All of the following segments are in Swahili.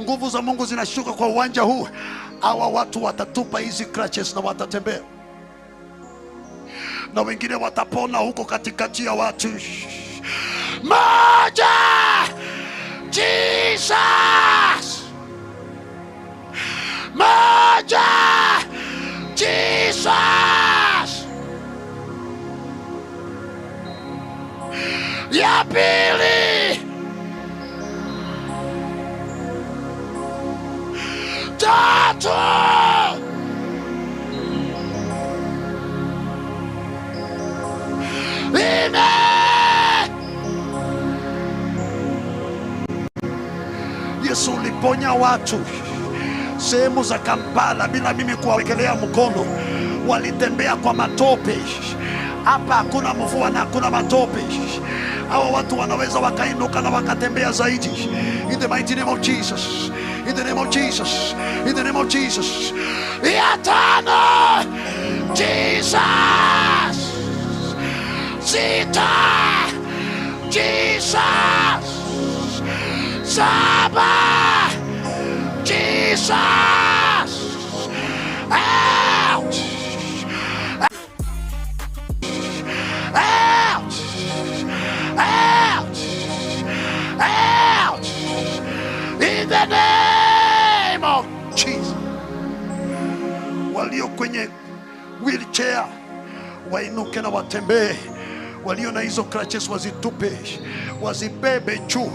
nguvu za Mungu zinashuka kwa uwanja huu. Hawa watu watatupa hizi crutches na watatembea, na wengine watapona huko katikati ya watu. Moja, Jesus! Moja, Jesus! Ya pili watu. Lime Yesu, uliponya watu sehemu za Kampala bila mimi kuwawekelea mkono, walitembea kwa matope. Hapa hakuna mvua na hakuna matope. Hawa watu wanaweza wakainuka na wakatembea zaidi. In the mighty name of Jesus. In the name of Jesus. In name of Jesus. Eternal Jesus. Sita! Jesus. Saba Jesus. Out. Out. Out. Out. In the name of Jesus. Walio kwenye wheelchair wainuke na watembee walio na hizo crutches wazitupe, wazibebe juu,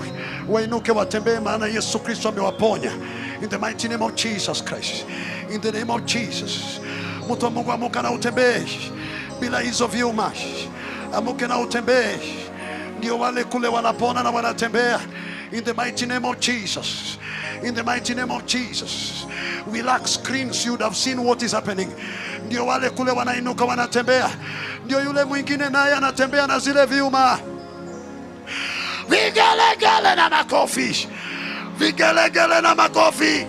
wainuke watembee, maana Yesu Kristo amewaponya. In the mighty name of Jesus Christ, in the name of Jesus. Mtu wa Mungu amuka na utembee bila hizo vyuma, amuke na utembee. Ndio wale kule wanapona na wanatembea. In the mighty name of Jesus. In the mighty name of Jesus. We lack screens, you have seen what is happening. Ndio wale kule wanainuka wanatembea, ndio yule mwingine naye anatembea na zile vyuma, vigelegele na makofi, vigelegele na makofi,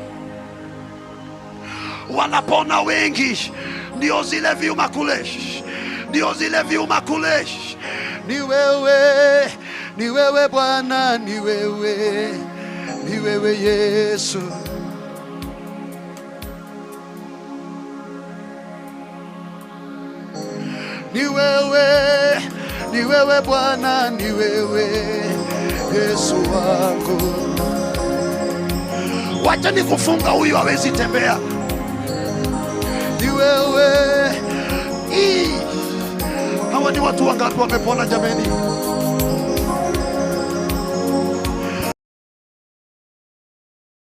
wanapona wengi. Ndio zile vyuma kule, ndio zile vyuma kule, ni wewe ni wewe Bwana, ni wewe, ni wewe Yesu. Ni wewe, ni wewe Bwana, ni wewe Yesu wangu. Wacha nikufunga, huyu hawezi tembea. Ni wewe. Hawa ni watu wangapi wamepona jameni?